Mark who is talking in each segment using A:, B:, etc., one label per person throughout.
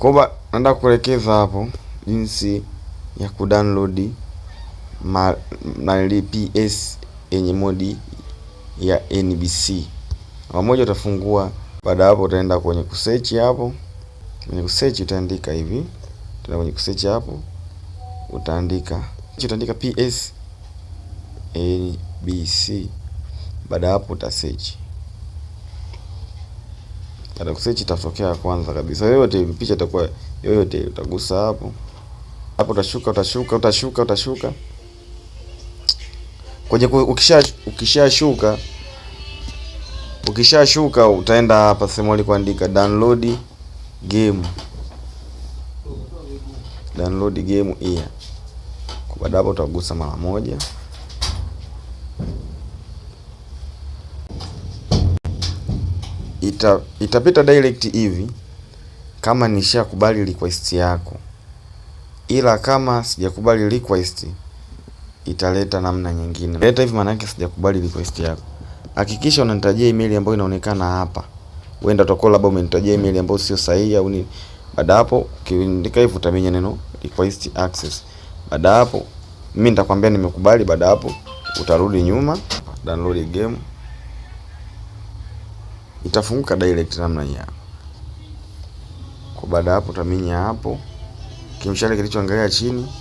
A: Koba, naenda kuelekeza hapo jinsi ya kudownload mali PS yenye modi ya NBC pamoja. Utafungua baada hapo, utaenda kwenye kusearch hapo, kwenye kusearch utaandika hivi, tuna kwenye kusearch hapo utaandika utaandika PS NBC. Baada hapo utasearch Tarehe itatokea kwanza kabisa. Yoyote picha itakuwa yoyote, utagusa hapo hapo, utashuka utashuka utashuka utashuka kwenye ukisha ukishashuka ukishashuka utaenda hapa sehemu alikuandika download game, download game here. Baada hapo utagusa mara moja. ita, itapita direct hivi kama nishakubali request yako, ila kama sijakubali request italeta namna nyingine. Leta hivi maana yake sijakubali request yako. Hakikisha unanitajia email ambayo inaonekana hapa. Uenda utakuwa labda umenitajia email ambayo sio sahihi au ni baada hapo ukiandika hivyo utamenya neno request access. Baada hapo mimi nitakwambia nimekubali, baada hapo utarudi nyuma, download game itafunguka direct namna hii hapa. Kwa baada hapo utaminya hapo kimshale kilichoangalia chini,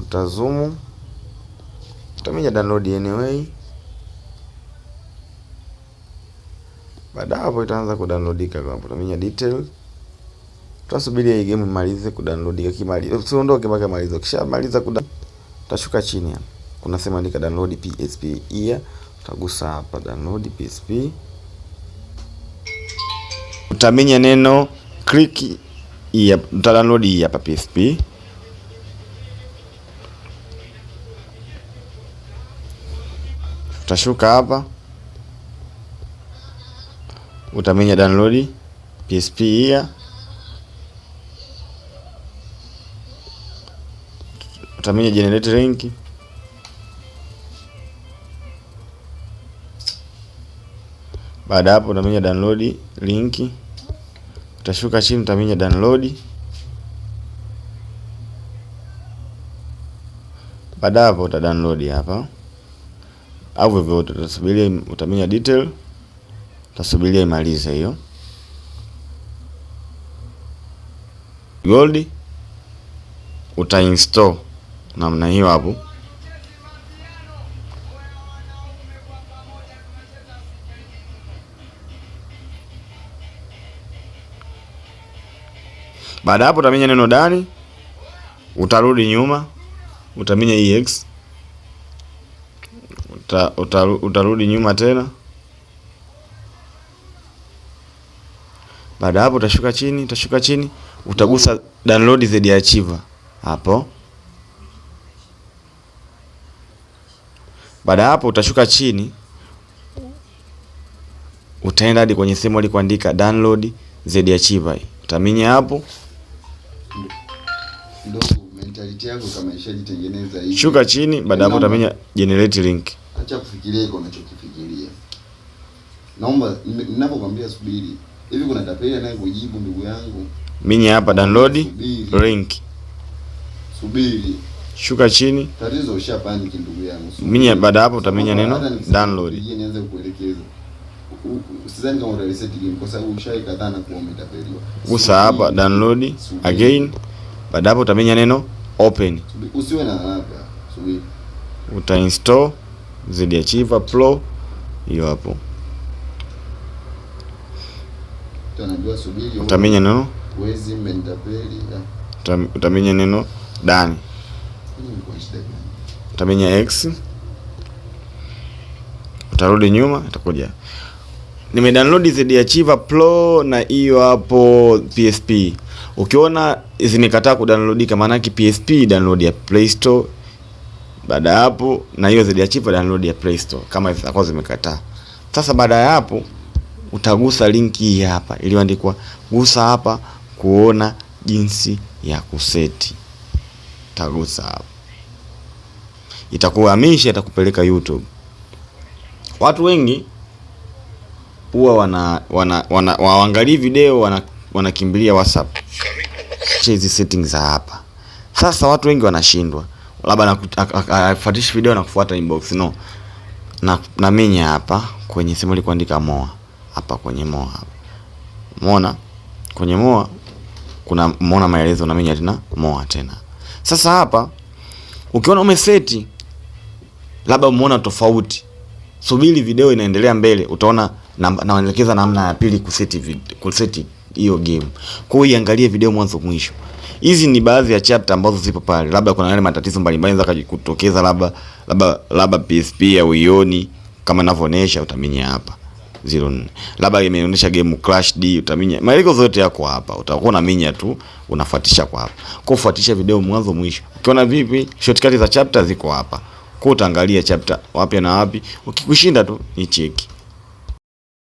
A: utazumu, utaminya download anyway. Baada hapo itaanza kudownloadika hapo, utaminya detail Tutasubiri hii game imalize kudownload. kimalize. usiondoke mpaka imalize. Kisha maliza kudownload, utashuka chini hapa, kuna sema andika download PSP here. Tagusa hapa download PSP. Utaminya neno click, uta download hii hapa PSP. Utashuka hapa utamenya download PSP hii utamenya generate link. Baada hapo utaminya download link, utashuka chini utaminya download. Baada hapo uta download hapa au vyovyote, utasubiria utaminya detail, utasubiria imalize hiyo gold, utainstall namna hiyo hapo. Baada hapo utaminya neno dani utarudi nyuma, utaminya ex, x, uta, uta, utarudi nyuma tena. Baada hapo utashuka chini, utashuka chini, utagusa download the archive hapo. Baada hapo utashuka chini, utaenda hadi kwenye sehemu alikoandika download the archive, utaminya hapo ndugu, mentality yako kama ishajitengeneza hivi, shuka chini. Baada hapo utamenya generate link. Acha kufikiria iko unachokifikiria. Naomba ninapokuambia subiri, hivi kuna tapeli anayekujibu ndugu yangu. Mimi hapa download link, subiri, shuka chini. Tatizo ushapani ndugu yangu. Mimi baada hapo utamenya neno download, yeye nianze kuelekeza Usizani kama uta game kwa sababu ushaika dhana kuwa umetapeliwa. Gusa hapa download again. Subiri. Baada hapo utamenya neno open, usiwe na haraka, subiri, uta install zidi achiever pro hiyo hapo, utanajua subiri, utamenya neno wezi mendapeli, utamenya neno dani, utamenya x, utarudi nyuma itakuja nime download ZD Achiever Pro na hiyo hapo PSP. Ukiona zimekataa kudownloadika, maana yake PSP download ya Play Store. Baada ya hapo na hiyo ZD Achiever download ya Play Store kama zitakuwa zimekataa. Sasa baada ya hapo utagusa link hii hapa iliyoandikwa gusa hapa kuona jinsi ya kuseti. Utagusa hapa. Itakuhamisha, itakupeleka YouTube. Watu wengi huwa wana, wana, wana waangalii video wana, wanakimbilia WhatsApp hizi settings za hapa. Sasa watu wengi wanashindwa, labda afuatishi video na kufuata inbox no, na na namenya hapa kwenye simu ile kuandika moa hapa kwenye moa hapa, umeona kwenye moa kuna umeona maelezo, na namenya tena moa tena. Sasa hapa ukiona umeseti, labda umeona tofauti, subiri video inaendelea mbele, utaona naelekeza na namna ya pili kuseti kuseti hiyo game. Kwa hiyo iangalie video mwanzo mwisho. Hizi ni baadhi ya chapter ambazo zipo pale, labda kuna yale matatizo mbalimbali yanaweza kujitokeza, labda labda labda PSP ya uioni kama ninavyoonyesha, utaminya hapa 04 labda imeonyesha game crash d, utaminya maelezo yote yako hapa, utakuwa na minya tu, unafuatisha kwa hapa. Kwa kufuatisha video mwanzo mwisho, ukiona vipi shortcut za chapter ziko hapa, kwa utaangalia chapter wapi na wapi, ukikushinda tu ni cheki